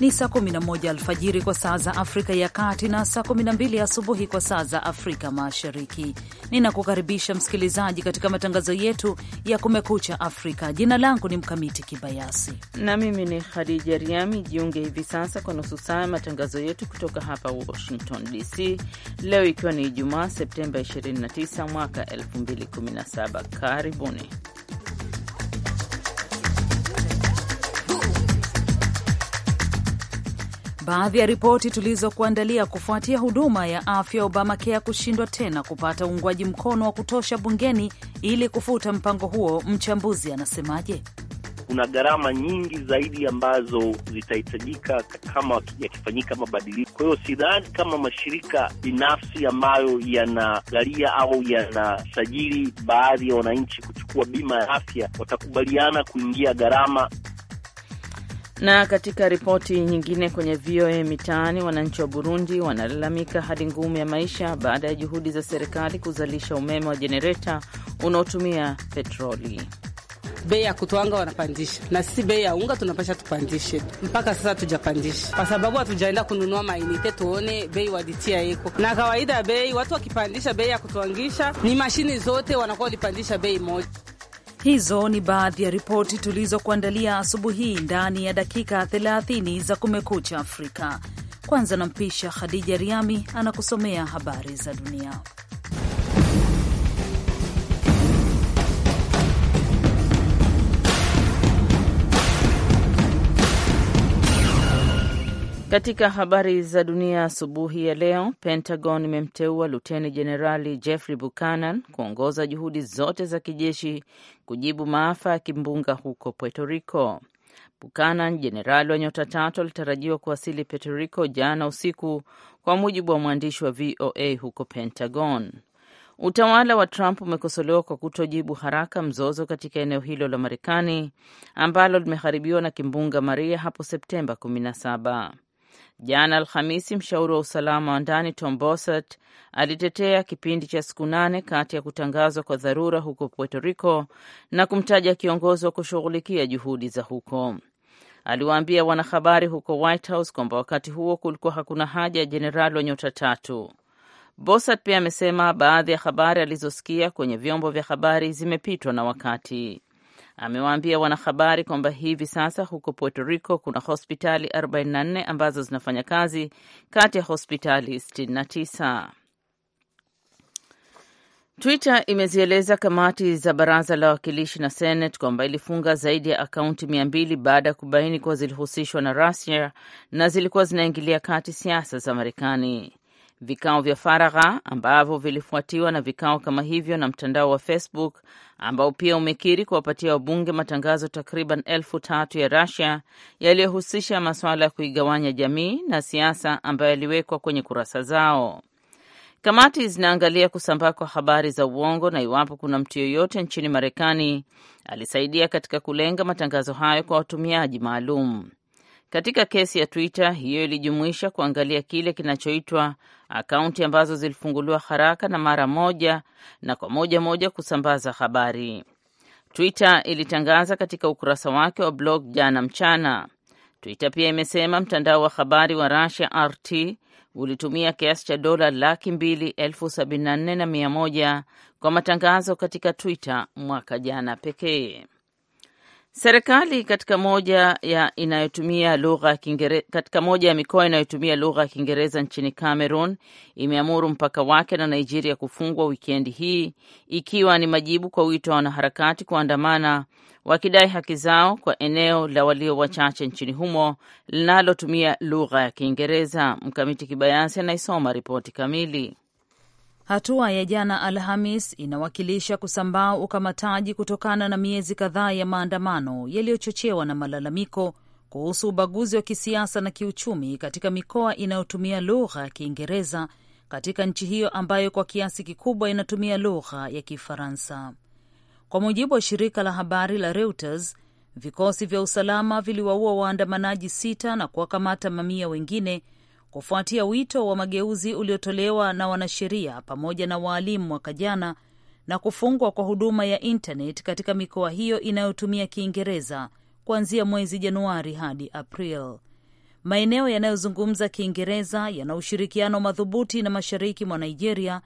ni saa 11 alfajiri kwa saa za Afrika ya Kati na saa 12 asubuhi kwa saa za Afrika Mashariki. Ninakukaribisha msikilizaji katika matangazo yetu ya Kumekucha Afrika. Jina langu ni Mkamiti Kibayasi na mimi ni Khadija Riami. Jiunge hivi sasa kwa nusu saa ya matangazo yetu kutoka hapa Washington DC, leo ikiwa ni Ijumaa Septemba 29 mwaka 2017. Karibuni. baadhi ya ripoti tulizokuandalia kufuatia huduma ya afya Obamacare kushindwa tena kupata uungwaji mkono wa kutosha bungeni ili kufuta mpango huo. Mchambuzi anasemaje? Kuna gharama nyingi zaidi ambazo zitahitajika kama yakifanyika mabadiliko. Kwa hiyo sidhani kama mashirika binafsi ambayo yanagharia au yanasajili baadhi ya wananchi kuchukua bima ya afya watakubaliana kuingia gharama na katika ripoti nyingine kwenye VOA Mitaani, wananchi wa Burundi wanalalamika hali ngumu ya maisha baada ya juhudi za serikali kuzalisha umeme wa jenereta unaotumia petroli. Bei ya kutwanga wanapandisha, na sisi bei ya unga tunapasha tupandishe. Mpaka sasa tujapandisha kwa sababu hatujaenda kununua mainite, tuone bei walitia iko na kawaida. Bei watu wakipandisha bei ya kutwangisha, ni mashini zote wanakuwa walipandisha bei moja. Hizo ni baadhi ya ripoti tulizokuandalia asubuhi hii ndani ya dakika 30 za Kumekucha Afrika. Kwanza nampisha Khadija Riami anakusomea habari za dunia. Katika habari za dunia asubuhi ya leo, Pentagon imemteua luteni jenerali Jeffrey Buchanan kuongoza juhudi zote za kijeshi kujibu maafa ya kimbunga huko Puerto Rico. Buchanan, jenerali wa nyota tatu, alitarajiwa kuwasili Puerto Rico jana usiku, kwa mujibu wa mwandishi wa VOA huko Pentagon. Utawala wa Trump umekosolewa kwa kutojibu haraka mzozo katika eneo hilo la Marekani ambalo limeharibiwa na kimbunga Maria hapo Septemba 17. Jana Alhamisi, mshauri wa usalama wa ndani Tom Bossert alitetea kipindi cha siku nane kati ya kutangazwa kwa dharura huko Puerto Rico na kumtaja kiongozi wa kushughulikia juhudi za huko. Aliwaambia wanahabari huko White House kwamba wakati huo kulikuwa hakuna haja ya jenerali wa nyota tatu. Bossert pia amesema baadhi ya habari alizosikia kwenye vyombo vya habari zimepitwa na wakati. Amewaambia wanahabari kwamba hivi sasa huko Puerto Rico kuna hospitali 44 ambazo zinafanya kazi kati ya hospitali 69. Twitter imezieleza kamati za baraza la wawakilishi na Senate kwamba ilifunga zaidi ya akaunti mia mbili baada ya kubaini kuwa zilihusishwa na rusia na zilikuwa zinaingilia kati siasa za Marekani vikao vya faragha ambavyo vilifuatiwa na vikao kama hivyo na mtandao wa Facebook ambao pia umekiri kuwapatia wabunge matangazo takriban elfu tatu ya rasia yaliyohusisha masuala ya kuigawanya jamii na siasa ambayo yaliwekwa kwenye kurasa zao. Kamati zinaangalia kusambaa kwa habari za uongo na iwapo kuna mtu yoyote nchini Marekani alisaidia katika kulenga matangazo hayo kwa watumiaji maalum. Katika kesi ya Twitter hiyo ilijumuisha kuangalia kile kinachoitwa akaunti ambazo zilifunguliwa haraka na mara moja na kwa moja moja kusambaza habari. Twitter ilitangaza katika ukurasa wake wa blog jana mchana. Twitter pia imesema mtandao wa habari wa Russia RT ulitumia kiasi cha dola laki mbili elfu sabini na nne na mia moja kwa matangazo katika Twitter mwaka jana pekee. Serikali katika moja ya inayotumia lugha katika moja ya mikoa inayotumia lugha ya Kiingereza nchini Cameroon imeamuru mpaka wake na Nigeria kufungwa wikendi hii ikiwa ni majibu kwa wito wa wanaharakati kuandamana wakidai haki zao kwa eneo la walio wachache nchini humo linalotumia lugha ya Kiingereza. Mkamiti Kibayasi anaisoma ripoti kamili. Hatua ya jana Alhamis inawakilisha kusambaa ukamataji kutokana na miezi kadhaa ya maandamano yaliyochochewa na malalamiko kuhusu ubaguzi wa kisiasa na kiuchumi katika mikoa inayotumia lugha ya Kiingereza katika nchi hiyo ambayo kwa kiasi kikubwa inatumia lugha ya Kifaransa. Kwa mujibu wa shirika la habari la Reuters, vikosi vya usalama viliwaua waandamanaji sita na kuwakamata mamia wengine kufuatia wito wa mageuzi uliotolewa na wanasheria pamoja na waalimu mwaka jana na kufungwa kwa huduma ya intanet katika mikoa hiyo inayotumia Kiingereza kuanzia mwezi Januari hadi April. Maeneo yanayozungumza Kiingereza yana ushirikiano madhubuti na mashariki mwa Nigeria,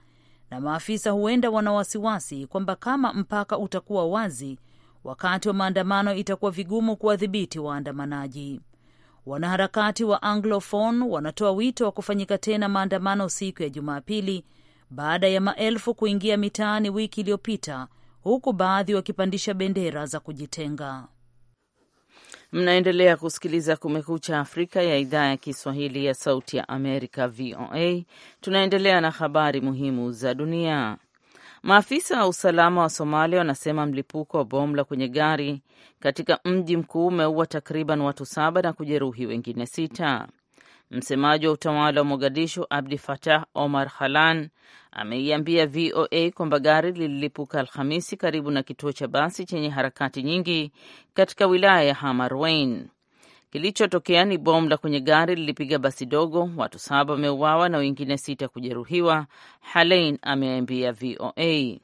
na maafisa huenda wana wasiwasi kwamba kama mpaka utakuwa wazi wakati wa maandamano, itakuwa vigumu kuwadhibiti waandamanaji. Wanaharakati wa Anglophone wanatoa wito wa kufanyika tena maandamano siku ya Jumapili baada ya maelfu kuingia mitaani wiki iliyopita, huku baadhi wakipandisha bendera za kujitenga. Mnaendelea kusikiliza Kumekucha Afrika ya idhaa ya Kiswahili ya Sauti ya Amerika, VOA. Tunaendelea na habari muhimu za dunia. Maafisa wa usalama wa Somalia wanasema mlipuko wa bomu la kwenye gari katika mji mkuu umeua takriban watu saba na kujeruhi wengine sita. Msemaji wa utawala wa Mogadishu Abdi Fatah Omar halan ameiambia VOA kwamba gari lililipuka Alhamisi karibu na kituo cha basi chenye harakati nyingi katika wilaya ya Hamarwein. Kilichotokea ni bomu la kwenye gari lilipiga basi dogo. Watu saba wameuawa na wengine sita kujeruhiwa, Halein ameambia VOA.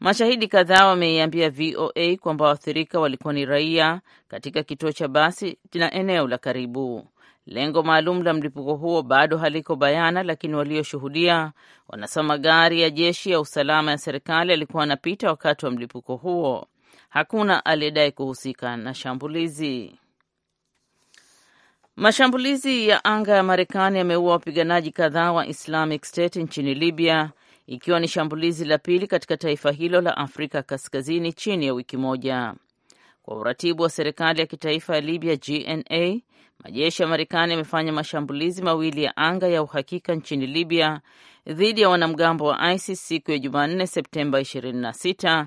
Mashahidi kadhaa wameiambia VOA kwamba waathirika walikuwa ni raia katika kituo cha basi na eneo la karibu. Lengo maalum la mlipuko huo bado haliko bayana, lakini walioshuhudia wanasema gari ya jeshi ya usalama ya serikali alikuwa anapita wakati wa mlipuko huo. Hakuna aliyedai kuhusika na shambulizi. Mashambulizi ya anga ya Marekani yameua wapiganaji kadhaa wa Islamic State nchini Libya, ikiwa ni shambulizi la pili katika taifa hilo la Afrika Kaskazini chini ya wiki moja. Kwa uratibu wa serikali ya kitaifa ya Libya, GNA, majeshi ya Marekani yamefanya mashambulizi mawili ya anga ya uhakika nchini Libya dhidi ya wanamgambo wa ISIS siku ya Jumanne, Septemba 26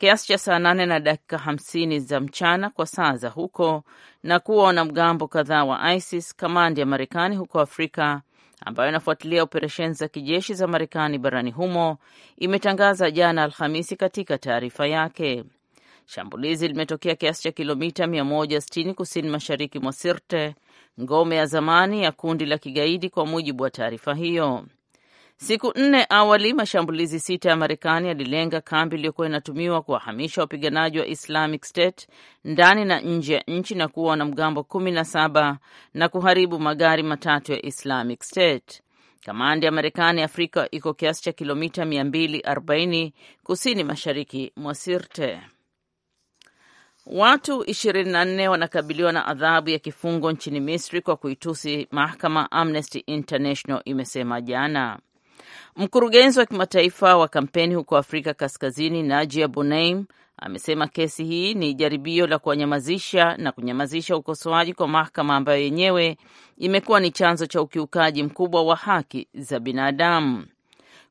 kiasi cha saa nane na dakika hamsini za mchana kwa saa za huko na kuwa wanamgambo kadhaa wa ISIS kamandi ya Marekani huko Afrika ambayo inafuatilia operesheni za kijeshi za Marekani barani humo imetangaza jana Alhamisi katika taarifa yake. Shambulizi limetokea kiasi cha kilomita 160 kusini mashariki mwa Sirte, ngome ya zamani ya kundi la kigaidi, kwa mujibu wa taarifa hiyo. Siku nne awali mashambulizi sita ya Marekani yalilenga kambi iliyokuwa inatumiwa kuwahamisha wapiganaji wa Islamic State ndani na nje ya nchi na kuwa wanamgambo kumi na saba na kuharibu magari matatu ya Islamic State. Kamanda ya Marekani Afrika iko kiasi cha kilomita 240 kusini mashariki mwa Sirte. Watu 24 wanakabiliwa na adhabu ya kifungo nchini Misri kwa kuitusi mahakama, Amnesty International imesema jana. Mkurugenzi wa kimataifa wa kampeni huko Afrika Kaskazini, Najia Bonaim, amesema kesi hii ni jaribio la kuwanyamazisha na kunyamazisha ukosoaji kwa mahakama ambayo yenyewe imekuwa ni chanzo cha ukiukaji mkubwa wa haki za binadamu.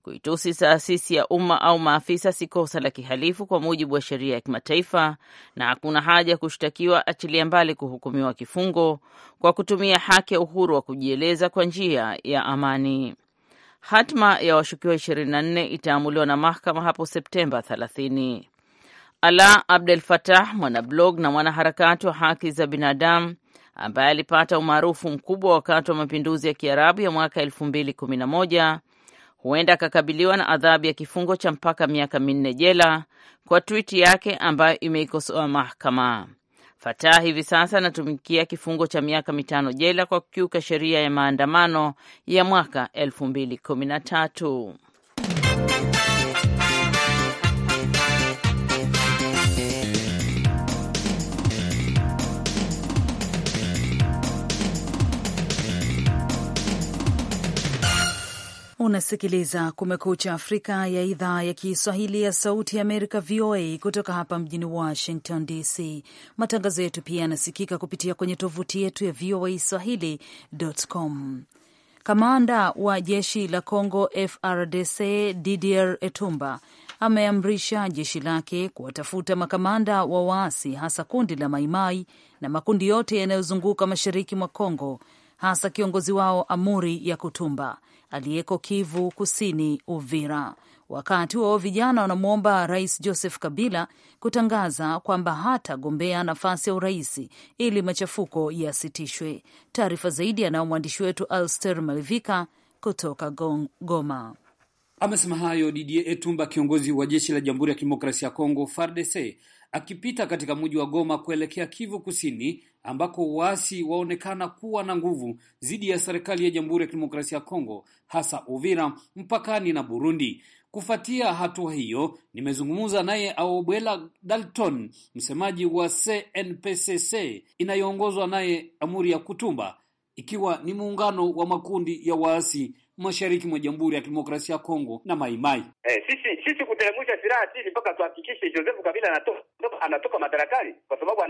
Kuitusi taasisi ya umma au maafisa si kosa la kihalifu kwa mujibu wa sheria ya kimataifa, na hakuna haja ya kushtakiwa, achilia mbali kuhukumiwa kifungo kwa kutumia haki ya uhuru wa kujieleza kwa njia ya amani. Hatima ya washukiwa 24 itaamuliwa na mahakama hapo Septemba 30. Ala Abdel fatah mwanablog na mwanaharakati wa haki za binadamu ambaye alipata umaarufu mkubwa wakati wa mapinduzi ya Kiarabu ya mwaka 2011 huenda akakabiliwa na adhabu ya kifungo cha mpaka miaka minne jela kwa twiti yake ambayo imeikosoa mahakama. Fatah hivi sasa anatumikia kifungo cha miaka mitano jela kwa kukiuka sheria ya maandamano ya mwaka elfu mbili kumi na tatu. Unasikiliza Kumekucha Afrika ya idhaa ya Kiswahili ya Sauti ya Amerika, VOA, kutoka hapa mjini Washington DC. Matangazo yetu pia yanasikika kupitia kwenye tovuti yetu ya VOA swahili.com. Kamanda wa jeshi la Congo FRDC Didier Etumba ameamrisha jeshi lake kuwatafuta makamanda wa waasi hasa kundi la Maimai na makundi yote yanayozunguka mashariki mwa Congo, hasa kiongozi wao Amuri ya Kutumba aliyeko Kivu Kusini, Uvira. Wakati huo vijana wanamwomba Rais Joseph Kabila kutangaza kwamba hatagombea nafasi ya urais ili machafuko yasitishwe. Taarifa zaidi anayo mwandishi wetu Alster Malivika kutoka Goma. Amesema hayo Didier Etumba, kiongozi wa jeshi la Jamhuri ya Kidemokrasia ya Kongo, FARDC, akipita katika mji wa Goma kuelekea Kivu Kusini ambako waasi waonekana kuwa na nguvu dhidi ya serikali ya Jamhuri ya Kidemokrasia ya Kongo, hasa Uvira mpakani na Burundi. Kufuatia hatua hiyo, nimezungumza naye Aobwela Dalton, msemaji wa CNPCC inayoongozwa naye Amuri ya Kutumba, ikiwa ni muungano wa makundi ya waasi mashariki mwa Jamhuri ya Kidemokrasia ya Kongo na Maimai. Eh, sisi sisi kuteremsha silaha sisi mpaka tuhakikishe Joseph Kabila anatoka anatoka madarakani, kwa sababu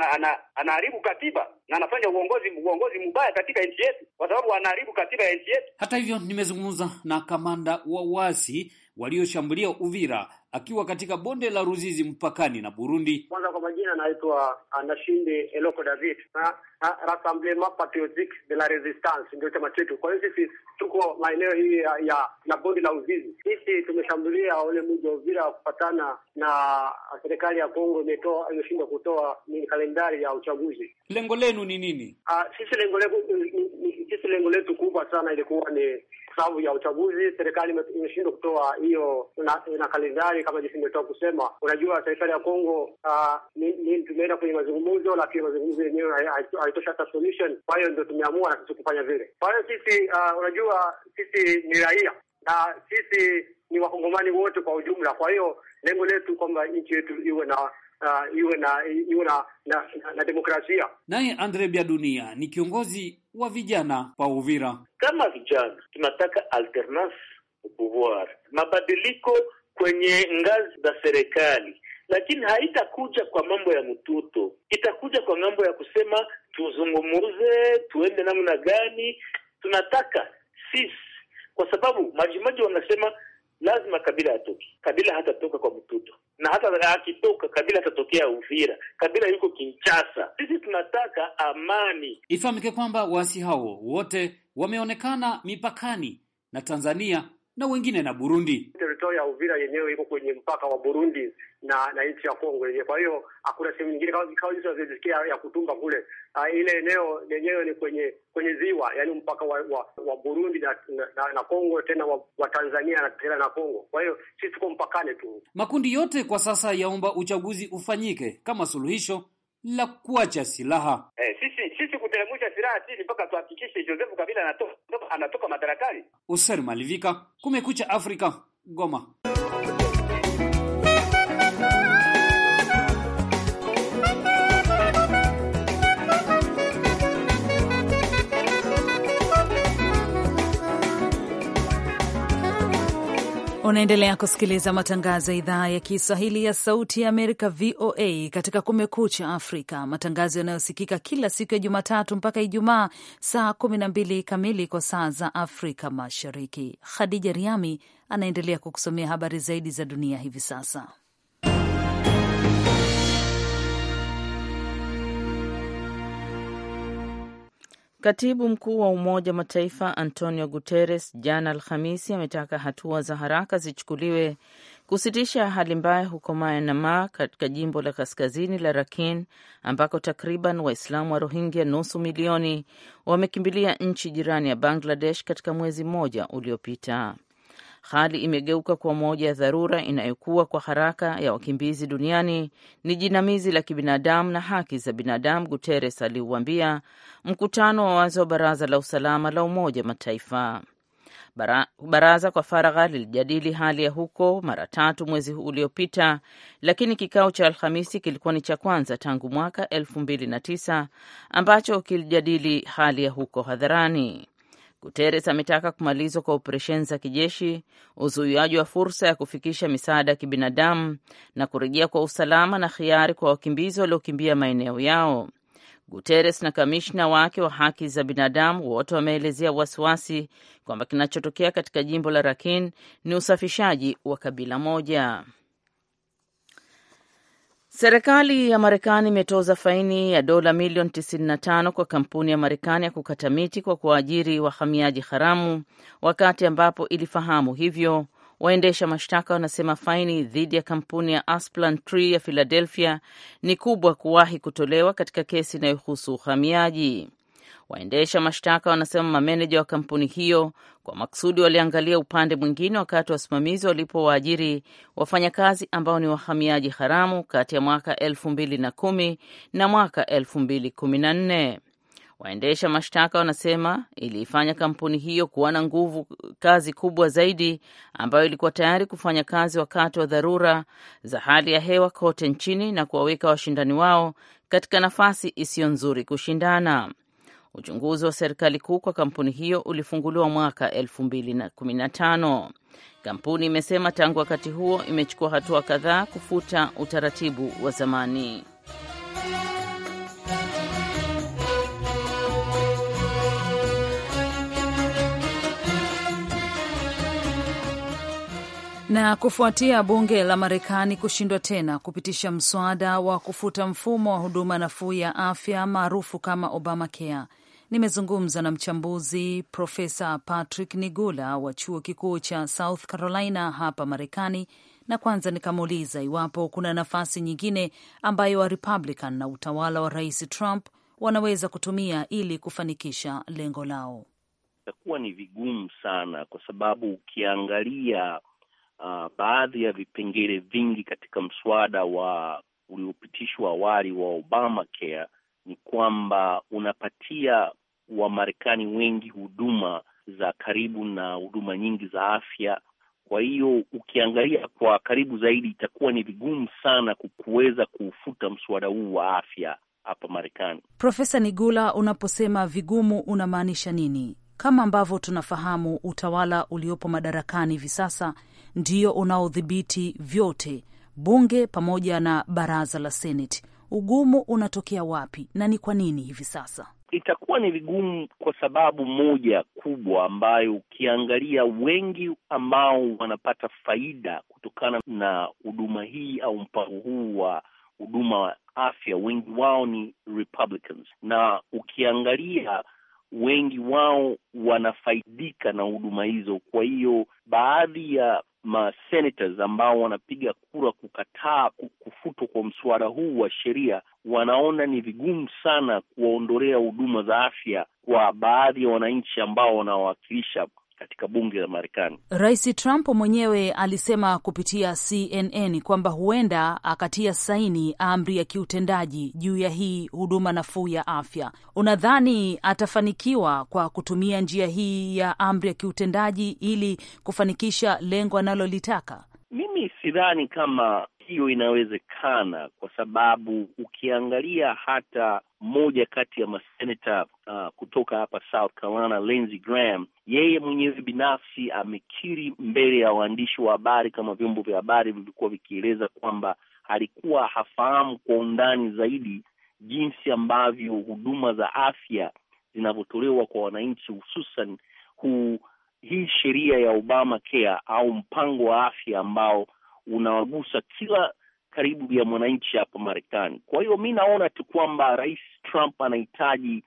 anaharibu ana, katiba na anafanya uongozi uongozi mbaya katika nchi yetu, kwa sababu anaharibu katiba ya nchi yetu. Hata hivyo nimezungumza na kamanda wa wasi walioshambulia Uvira akiwa katika bonde la Ruzizi mpakani na Burundi. Kwanza kwa majina anaitwa Anashinde uh, Eloko David na uh, Rassemblement Patriotique de la Resistance ndio chama chetu. Kwa hiyo sisi tuko maeneo hii ya, ya, na bonde la Uzizi. Sisi tumeshambulia ule mji wa Uvira kupatana na serikali ya Kongo imeshindwa kutoa ni kalendari ya uchaguzi. Lengo lenu ni nini? Uh, sisi lengo letu kubwa sana ilikuwa ni sababu ya uchaguzi, serikali imeshindwa kutoa hiyo na, na kalendari kama jinsi imetoa kusema. Unajua, serikali ya Kongo ah, tumeenda kwenye mazungumzo, lakini mazungumzo yenyewe haitosha hata solution. Kwa hiyo ndio tumeamua na sisi kufanya vile. Kwa hiyo sisi, ah, unajua, sisi ni raia na sisi ni wakongomani wote kwa ujumla. Kwa hiyo lengo letu kwamba nchi yetu iwe na uh, iwe na iwe na, na, na, na demokrasia. Naye Andre Bia Dunia ni kiongozi wa vijana pa Uvira. Kama vijana tunataka alternance au pouvoir, mabadiliko kwenye ngazi za serikali, lakini haitakuja kwa mambo ya mtuto, itakuja kwa mambo ya kusema tuzungumuze, tuende namna gani tunataka sisi, kwa sababu majimaji wanasema lazima kabila atoke, kabila hatatoka kwa mtuto na hata akitoka Kabila atatokea Uvira, Kabila yuko Kinshasa. Sisi tunataka amani. Ifahamike kwamba waasi hao wote wameonekana mipakani na Tanzania na wengine na Burundi ya Uvira yenyewe iko kwenye mpaka wa Burundi na na nchi ya Kongo yenyewe. Kwa hiyo hakuna sehemu nyingine kama kama hizo ya kutunga kule. Uh, ile eneo lenyewe ni kwenye kwenye ziwa, yani mpaka wa, wa, wa Burundi na, na, na Kongo tena wa, wa Tanzania na tena na Kongo. Kwa hiyo sisi tuko mpakane tu. Makundi yote kwa sasa yaomba uchaguzi ufanyike kama suluhisho la kuacha silaha. Eh, sisi sisi kuteremsha silaha sisi mpaka tuhakikishe Joseph Kabila anatoka anatoka madarakani. Useri Malivika, Kumekucha Afrika. Goma. Unaendelea kusikiliza matangazo ya idhaa ya Kiswahili ya Sauti ya Amerika, VOA, katika Kumekucha Afrika, matangazo yanayosikika kila siku ya Jumatatu mpaka Ijumaa saa 12 kamili kwa saa za Afrika Mashariki. Khadija Riami anaendelea kukusomea habari zaidi za dunia hivi sasa. Katibu mkuu wa Umoja wa Mataifa Antonio Guterres jana Alhamisi ametaka hatua za haraka zichukuliwe kusitisha hali mbaya huko Myanmar, katika jimbo la kaskazini la Rakhine ambako takriban Waislamu wa Rohingya nusu milioni wamekimbilia nchi jirani ya Bangladesh katika mwezi mmoja uliopita. Hali imegeuka kwa moja ya dharura inayokuwa kwa haraka ya wakimbizi duniani ni jinamizi la kibinadamu na haki za binadamu, Guterres aliuambia mkutano wa wazi wa Baraza la Usalama la Umoja Mataifa. Baraza kwa faragha lilijadili hali ya huko mara tatu mwezi huu uliopita, lakini kikao cha Alhamisi kilikuwa ni cha kwanza tangu mwaka elfu mbili na tisa ambacho kilijadili hali ya huko hadharani. Guterres ametaka kumalizwa kwa operesheni za kijeshi, uzuiaji wa fursa ya kufikisha misaada ya kibinadamu na kurejea kwa usalama na hiari kwa wakimbizi waliokimbia maeneo yao. Guterres na kamishna wake wa haki za binadamu wote wameelezea wasiwasi kwamba kinachotokea katika jimbo la Rakhine ni usafishaji wa kabila moja. Serikali ya Marekani imetoza faini ya dola milioni 95 kwa kampuni ya Marekani ya kukata miti kwa kuwaajiri wahamiaji haramu, wakati ambapo ilifahamu hivyo. Waendesha mashtaka wanasema faini dhidi ya kampuni ya asplan Tree ya Philadelphia ni kubwa kuwahi kutolewa katika kesi inayohusu uhamiaji. Waendesha mashtaka wanasema mameneja wa kampuni hiyo kwa maksudi waliangalia upande mwingine wakati wasimamizi walipowaajiri wafanyakazi ambao ni wahamiaji haramu kati ya mwaka mbili na mwaka nne. Waendesha mashtaka wanasema iliifanya kampuni hiyo kuwa na nguvu kazi kubwa zaidi ambayo ilikuwa tayari kufanya kazi wakati wa dharura za hali ya hewa kote nchini na kuwaweka washindani wao katika nafasi isiyo nzuri kushindana. Uchunguzi wa serikali kuu kwa kampuni hiyo ulifunguliwa mwaka 2015. Kampuni imesema tangu wakati huo imechukua hatua kadhaa kufuta utaratibu wa zamani. Na kufuatia bunge la Marekani kushindwa tena kupitisha mswada wa kufuta mfumo wa huduma nafuu ya afya maarufu kama Obamacare, nimezungumza na mchambuzi Profesa Patrick Nigula wa chuo kikuu cha South Carolina hapa Marekani, na kwanza nikamuuliza iwapo kuna nafasi nyingine ambayo wa Republican na utawala wa Rais Trump wanaweza kutumia ili kufanikisha lengo lao. Itakuwa ni vigumu sana, kwa sababu ukiangalia uh, baadhi ya vipengele vingi katika mswada wa uliopitishwa awali wa Obamacare ni kwamba unapatia Wamarekani wengi huduma za karibu na huduma nyingi za afya. Kwa hiyo ukiangalia kwa karibu zaidi, itakuwa ni vigumu sana kuweza kuufuta mswada huu wa afya hapa Marekani. Profesa Nigula, unaposema vigumu unamaanisha nini? Kama ambavyo tunafahamu, utawala uliopo madarakani hivi sasa ndio unaodhibiti vyote, bunge pamoja na baraza la Seneti. Ugumu unatokea wapi na ni kwa nini hivi sasa? Itakuwa ni vigumu kwa sababu moja kubwa ambayo ukiangalia wengi ambao wanapata faida kutokana na huduma hii au mpango huu wa huduma wa afya, wengi wao ni Republicans, na ukiangalia wengi wao wanafaidika na huduma hizo. Kwa hiyo baadhi ya masenators ambao wanapiga kura kukataa kufutwa kwa mswada huu wa sheria wanaona ni vigumu sana kuwaondolea huduma za afya kwa baadhi ya wananchi ambao wanawawakilisha katika bunge la Marekani. Rais Trump mwenyewe alisema kupitia CNN kwamba huenda akatia saini amri ya kiutendaji juu ya hii huduma nafuu ya afya. Unadhani atafanikiwa kwa kutumia njia hii ya amri ya kiutendaji ili kufanikisha lengo analolitaka? Mimi sidhani kama hiyo inawezekana kwa sababu ukiangalia hata mmoja kati ya maseneta uh, kutoka hapa South Carolina, Lindsey Graham, yeye mwenyewe binafsi amekiri mbele ya waandishi wa habari, kama vyombo vya habari vilikuwa vikieleza kwamba alikuwa hafahamu kwa undani zaidi jinsi ambavyo huduma za afya zinavyotolewa kwa wananchi, hususan hu hii sheria ya Obamacare au mpango wa afya ambao unawagusa kila karibu ya mwananchi hapa Marekani. Kwa hiyo mi naona tu kwamba Rais Trump anahitaji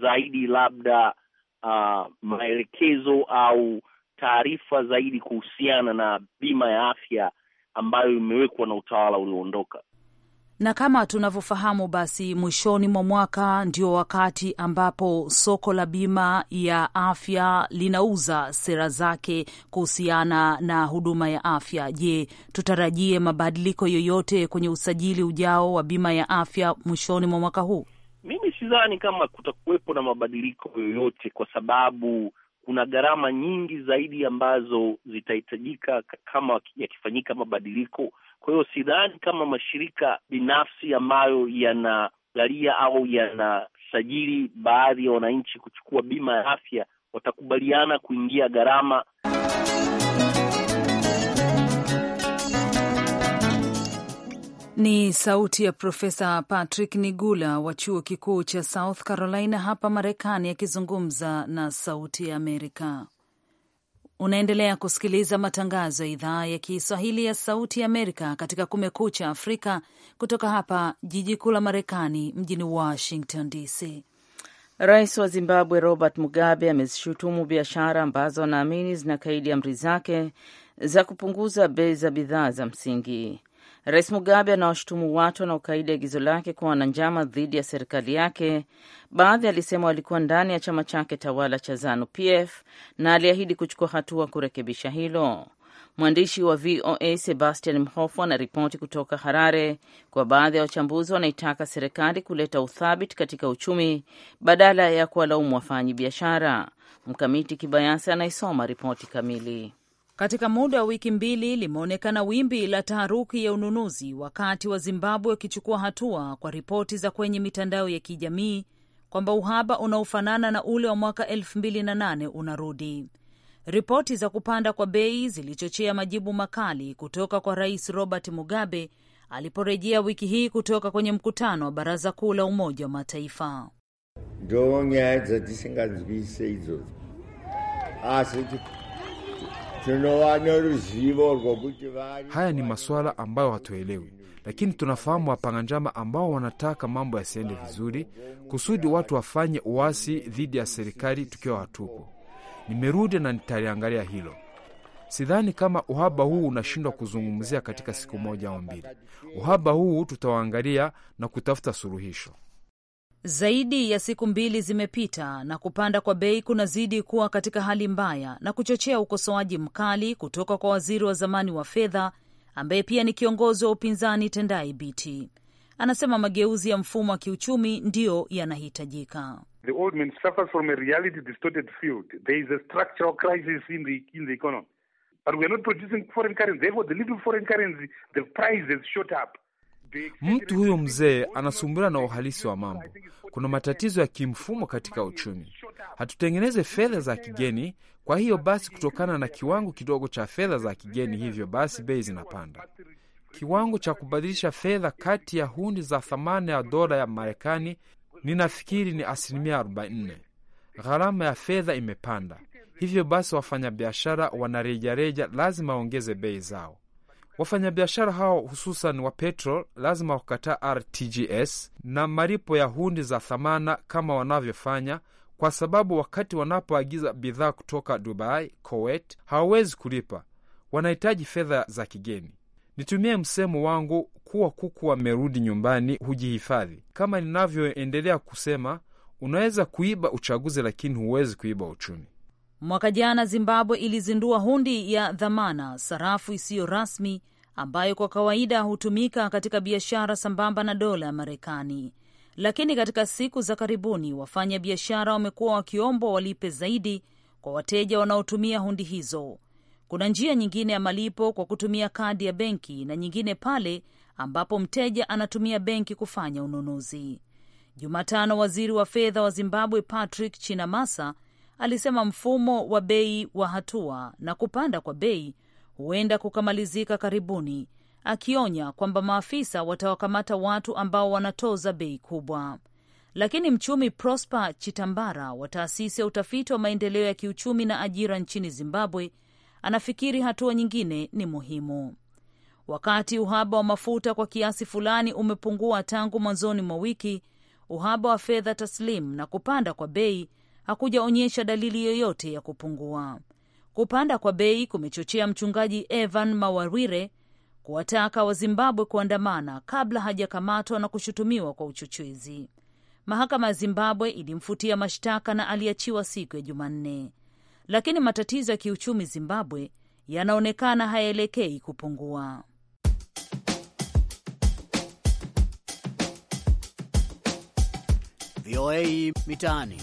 zaidi labda uh, maelekezo au taarifa zaidi kuhusiana na bima ya afya ambayo imewekwa na utawala ulioondoka na kama tunavyofahamu, basi mwishoni mwa mwaka ndio wakati ambapo soko la bima ya afya linauza sera zake kuhusiana na huduma ya afya. Je, tutarajie mabadiliko yoyote kwenye usajili ujao wa bima ya afya mwishoni mwa mwaka huu? Mimi sidhani kama kutakuwepo na mabadiliko yoyote kwa sababu kuna gharama nyingi zaidi ambazo zitahitajika kama yakifanyika mabadiliko. Kwa hiyo sidhani kama mashirika binafsi ambayo yanagalia au yanasajili baadhi ya wananchi kuchukua bima ya afya watakubaliana kuingia gharama Ni sauti ya Profesa Patrick Nigula wa chuo kikuu cha South Carolina hapa Marekani akizungumza na Sauti ya Amerika. Unaendelea kusikiliza matangazo ya idhaa ya Kiswahili ya Sauti ya Amerika katika Kumekucha Afrika kutoka hapa jiji kuu la Marekani, mjini Washington DC. Rais wa Zimbabwe Robert Mugabe amezishutumu biashara ambazo anaamini zinakaidi amri zake za kupunguza bei za bidhaa za msingi. Rais Mugabe anawashutumu watu wanaokaidi agizo lake kuwa na njama dhidi ya serikali yake. Baadhi alisema walikuwa ndani ya chama chake tawala cha Zanu PF na aliahidi kuchukua hatua kurekebisha hilo. Mwandishi wa VOA Sebastian Mhofu anaripoti kutoka Harare. Kwa baadhi ya wachambuzi, wanaitaka serikali kuleta uthabiti katika uchumi badala ya kuwalaumu wafanyi biashara. Mkamiti Kibayasi anaisoma ripoti kamili. Katika muda wa wiki mbili limeonekana wimbi la taharuki ya ununuzi, wakati wa Zimbabwe akichukua hatua kwa ripoti za kwenye mitandao ya kijamii kwamba uhaba unaofanana na ule wa mwaka 2008 unarudi. Ripoti za kupanda kwa bei zilichochea majibu makali kutoka kwa Rais Robert Mugabe aliporejea wiki hii kutoka kwenye mkutano wa Baraza Kuu la Umoja wa Mataifa. Haya ni masuala ambayo hatuelewi, lakini tunafahamu wapanga njama ambao wanataka mambo yasiende vizuri, kusudi watu wafanye uasi dhidi ya serikali tukiwa hatupo. Nimerudi na nitaliangalia hilo. Sidhani kama uhaba huu unashindwa kuzungumzia katika siku moja au mbili. Uhaba huu tutawaangalia na kutafuta suluhisho. Zaidi ya siku mbili zimepita na kupanda kwa bei kunazidi kuwa katika hali mbaya na kuchochea ukosoaji mkali kutoka kwa waziri wa zamani wa fedha ambaye pia ni kiongozi wa upinzani Tendai Biti. Anasema mageuzi ya mfumo wa kiuchumi ndiyo yanahitajika. The old man suffers from a reality distorted field. There is a structural crisis in the, in the economy. But we are not producing foreign currency. Therefore, the little foreign currency, the price has shot up. Mtu huyu mzee anasumbuliwa na uhalisi wa mambo. Kuna matatizo ya kimfumo katika uchumi, hatutengeneze fedha za kigeni. Kwa hiyo basi, kutokana na kiwango kidogo cha fedha za kigeni, hivyo basi bei zinapanda. Kiwango cha kubadilisha fedha kati ya hundi za thamani ya dola ya Marekani ninafikiri ni asilimia 44. Gharama ya fedha imepanda, hivyo basi wafanyabiashara wanarejareja, lazima waongeze bei zao. Wafanyabiashara hao hususan wa petrol lazima wakataa RTGS na malipo ya hundi za thamana kama wanavyofanya, kwa sababu wakati wanapoagiza bidhaa kutoka Dubai, Kuwait hawawezi kulipa, wanahitaji fedha za kigeni. Nitumie msemo wangu kuwa kuku wamerudi nyumbani hujihifadhi. Kama ninavyoendelea kusema, unaweza kuiba uchaguzi, lakini huwezi kuiba uchumi. Mwaka jana Zimbabwe ilizindua hundi ya dhamana, sarafu isiyo rasmi ambayo kwa kawaida hutumika katika biashara sambamba na dola ya Marekani. Lakini katika siku za karibuni wafanya biashara wamekuwa wakiombwa walipe zaidi kwa wateja wanaotumia hundi hizo. Kuna njia nyingine ya malipo kwa kutumia kadi ya benki na nyingine pale ambapo mteja anatumia benki kufanya ununuzi. Jumatano, waziri wa fedha wa Zimbabwe Patrick Chinamasa alisema mfumo wa bei wa hatua na kupanda kwa bei huenda kukamalizika karibuni, akionya kwamba maafisa watawakamata watu ambao wanatoza bei kubwa. Lakini mchumi Prosper Chitambara wa taasisi ya utafiti wa maendeleo ya kiuchumi na ajira nchini Zimbabwe anafikiri hatua nyingine ni muhimu. Wakati uhaba wa mafuta kwa kiasi fulani umepungua tangu mwanzoni mwa wiki, uhaba wa fedha taslim na kupanda kwa bei hakujaonyesha dalili yoyote ya kupungua. Kupanda kwa bei kumechochea mchungaji Evan Mawarire kuwataka Wazimbabwe kuandamana kabla hajakamatwa na kushutumiwa kwa uchochezi. Mahakama ya Zimbabwe ilimfutia mashtaka na aliachiwa siku ya Jumanne, lakini matatizo ya kiuchumi Zimbabwe yanaonekana hayaelekei kupungua. VOA Mitaani.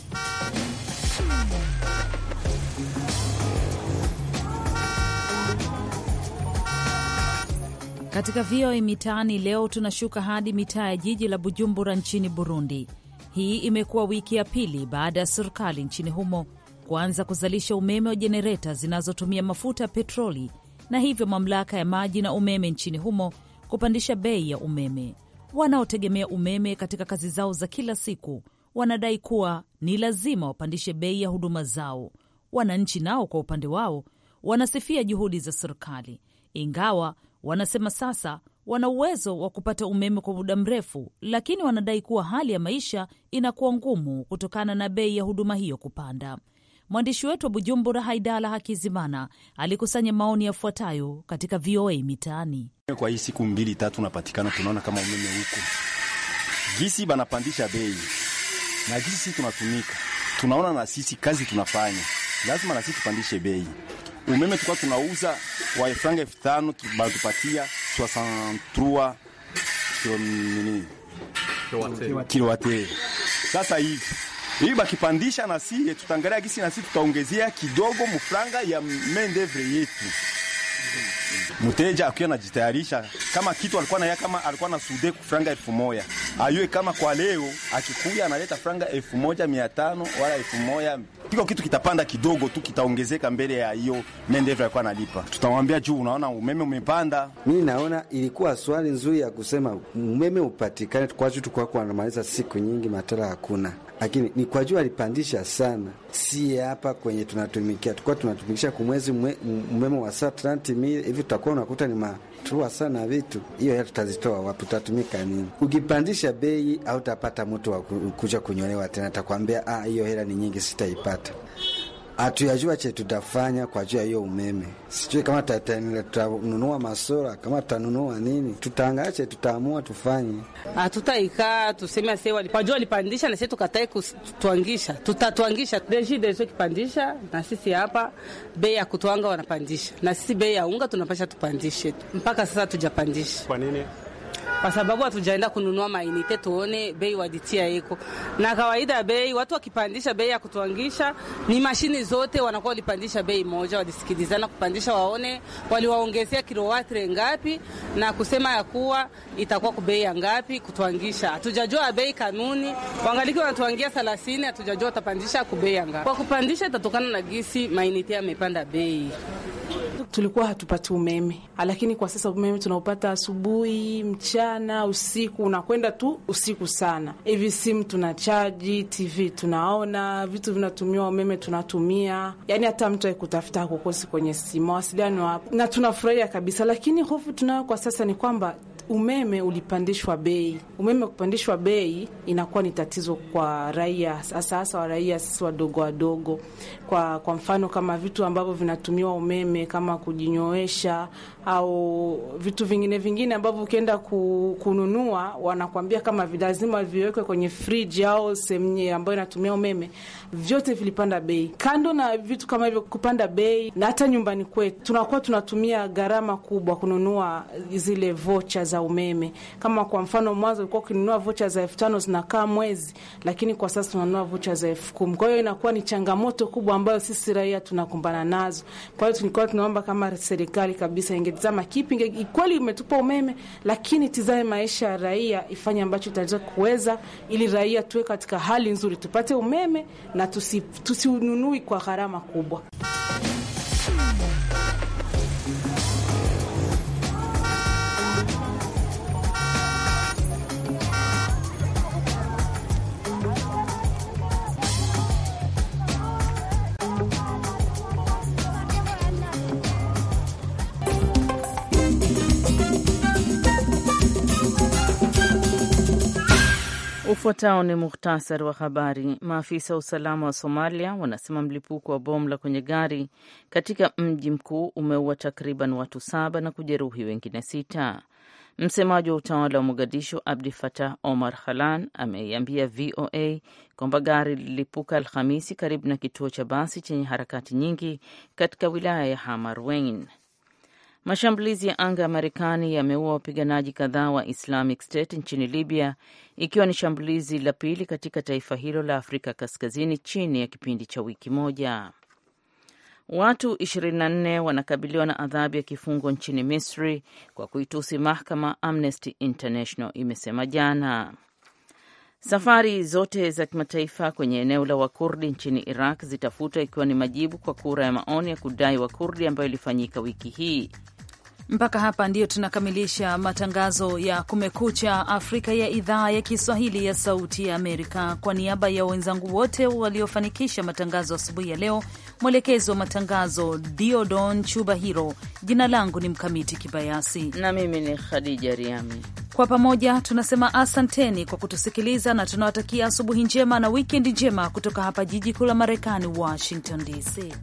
Katika VOA Mitaani leo tunashuka hadi mitaa ya jiji la Bujumbura nchini Burundi. Hii imekuwa wiki ya pili baada ya serikali nchini humo kuanza kuzalisha umeme wa jenereta zinazotumia mafuta ya petroli na hivyo mamlaka ya maji na umeme nchini humo kupandisha bei ya umeme. Wanaotegemea umeme katika kazi zao za kila siku wanadai kuwa ni lazima wapandishe bei ya huduma zao. Wananchi nao kwa upande wao wanasifia juhudi za serikali, ingawa wanasema sasa wana uwezo wa kupata umeme kwa muda mrefu, lakini wanadai kuwa hali ya maisha inakuwa ngumu kutokana na bei ya huduma hiyo kupanda. Mwandishi wetu wa Bujumbura, Haidala Hakizimana, alikusanya maoni yafuatayo katika VOA Mitaani. Kwa hii siku mbili tatu, unapatikana tunaona kama umeme huko gisi banapandisha bei na jinsi sisi tunatumika, tunaona na sisi kazi tunafanya, lazima na sisi tupandishe bei. Umeme tulikuwa tunauza wa franga elfu tano batupatia soixante-trois kilowateri. Sasa hivi hii bakipandisha, na sie tutangalia gisi na sisi tutaongezea kidogo mfranga ya mendevre yetu. Mteja akiwa anajitayarisha kama kitu alikuwa na kama alikuwa na sude franga elfu moja ayue kama kwa leo akikuya analeta franga elfu moja mia tano wala elfu moja kiko kitu kitapanda kidogo tu, kitaongezeka mbele ya hiyo mendeva alikuwa analipa, tutamwambia juu, unaona umeme umepanda. Mi naona ilikuwa swali nzuri ya kusema umeme upatikane kwa juu, tukua anamaliza siku nyingi matara hakuna, lakini ni kwa juu alipandisha sana, si hapa kwenye tunatumikia, tukua tunatumikisha kumwezi umeme wa saa 30 mili hivi, tutakuwa unakuta ni ma tuwa sana vitu, hiyo hela tutazitoa wapi? Tutatumika nini? Ukipandisha bei, hautapata mtu wa kuja kunyolewa tena, atakwambia ah, hiyo hela ni nyingi, sitaipata hatuyajua che tutafanya kwa juu ya hiyo umeme. Sijui kama tutanunua masora, kama tutanunua nini, tutaangaa che tutaamua tufanye. Hatutaikaa tuseme ase wajua walipandisha na sie tukatae kutwangisha, tutatwangisha dejidezo kipandisha na sisi hapa, bei ya kutwanga wanapandisha na sisi bei ya unga tunapasha tupandishe, mpaka sasa tujapandisha. Kwa nini? kwa sababu hatujaenda kununua mainite tuone bei waditia iko na kawaida. Bei watu wakipandisha bei ya kutuangisha ni mashini zote wanakuwa walipandisha bei moja, walisikilizana kupandisha, waone waliwaongezea kilowatre ngapi, na kusema ya kuwa itakuwa kubei ya ngapi kutuangisha. Hatujajua bei kanuni, wangaliki wanatuangia thelathini, hatujajua watapandisha kubei ya ngapi. Kwa kupandisha itatokana na gisi mainite amepanda bei tulikuwa hatupati umeme, ah, lakini kwa sasa umeme tunaupata asubuhi, mchana, usiku, unakwenda tu usiku sana hivi. Simu tuna chaji TV tunaona, vitu vinatumiwa umeme tunatumia, yani hata mtu aikutafuta hakukosi kwenye simu, mawasiliano hapo, na tunafurahia kabisa. Lakini hofu tunayo kwa sasa ni kwamba umeme ulipandishwa bei. Umeme kupandishwa bei inakuwa ni tatizo kwa raia, hasa hasa wa raia sisi wadogo wadogo. Kwa, kwa mfano kama vitu ambavyo vinatumiwa umeme kama kujinyoesha au vitu vingine vingine ambavyo ukienda ku, kununua wanakwambia kama lazima viwekwe kwenye friji au sehemu ambayo inatumia umeme, vyote vilipanda bei. Kando na vitu kama hivyo kupanda bei, na hata nyumbani kwetu tunakuwa tunatumia gharama kubwa kununua zile vocha za umeme. Kama kwa mfano, mwanzo ulikuwa ukinunua vocha za elfu tano zinakaa mwezi, lakini kwa sasa tunanunua vocha za elfu kumi. Kwa hiyo inakuwa ni changamoto kubwa ambayo sisi raia tunakumbana nazo. Kwa hiyo tulikuwa tunaomba kama serikali kabisa inge kutizama kipi. Kweli umetupa umeme, lakini tizame maisha ya raia, ifanye ambacho itaweza kuweza, ili raia tuwe katika hali nzuri, tupate umeme na tusiununui tusi kwa gharama kubwa. Ufuatao ni muhtasari wa habari. Maafisa wa usalama wa Somalia wanasema mlipuko wa bomu la kwenye gari katika mji mkuu umeua takriban watu saba na kujeruhi wengine sita. Msemaji wa utawala wa Mogadishu, Abdi Fatah Omar Khalan, ameiambia VOA kwamba gari lilipuka Alhamisi karibu na kituo cha basi chenye harakati nyingi katika wilaya ya Hamarwein. Mashambulizi ya anga ya Marekani yameua wapiganaji kadhaa wa Islamic State nchini Libya, ikiwa ni shambulizi la pili katika taifa hilo la Afrika Kaskazini chini ya kipindi cha wiki moja. Watu 24 wanakabiliwa na adhabu ya kifungo nchini Misri kwa kuitusi mahakama, Amnesty International imesema jana. Safari zote za kimataifa kwenye eneo la Wakurdi nchini Iraq zitafutwa ikiwa ni majibu kwa kura ya maoni ya kudai Wakurdi ambayo ilifanyika wiki hii. Mpaka hapa ndiyo tunakamilisha matangazo ya Kumekucha Afrika ya idhaa ya Kiswahili ya Sauti ya Amerika. Kwa niaba ya wenzangu wote waliofanikisha matangazo asubuhi ya leo, Mwelekezi wa matangazo Diodon Chuba Hiro. Jina langu ni Mkamiti Kibayasi na mimi ni Khadija Riami. Kwa pamoja tunasema asanteni kwa kutusikiliza na tunawatakia asubuhi njema na wikendi njema kutoka hapa jiji kuu la Marekani, Washington DC.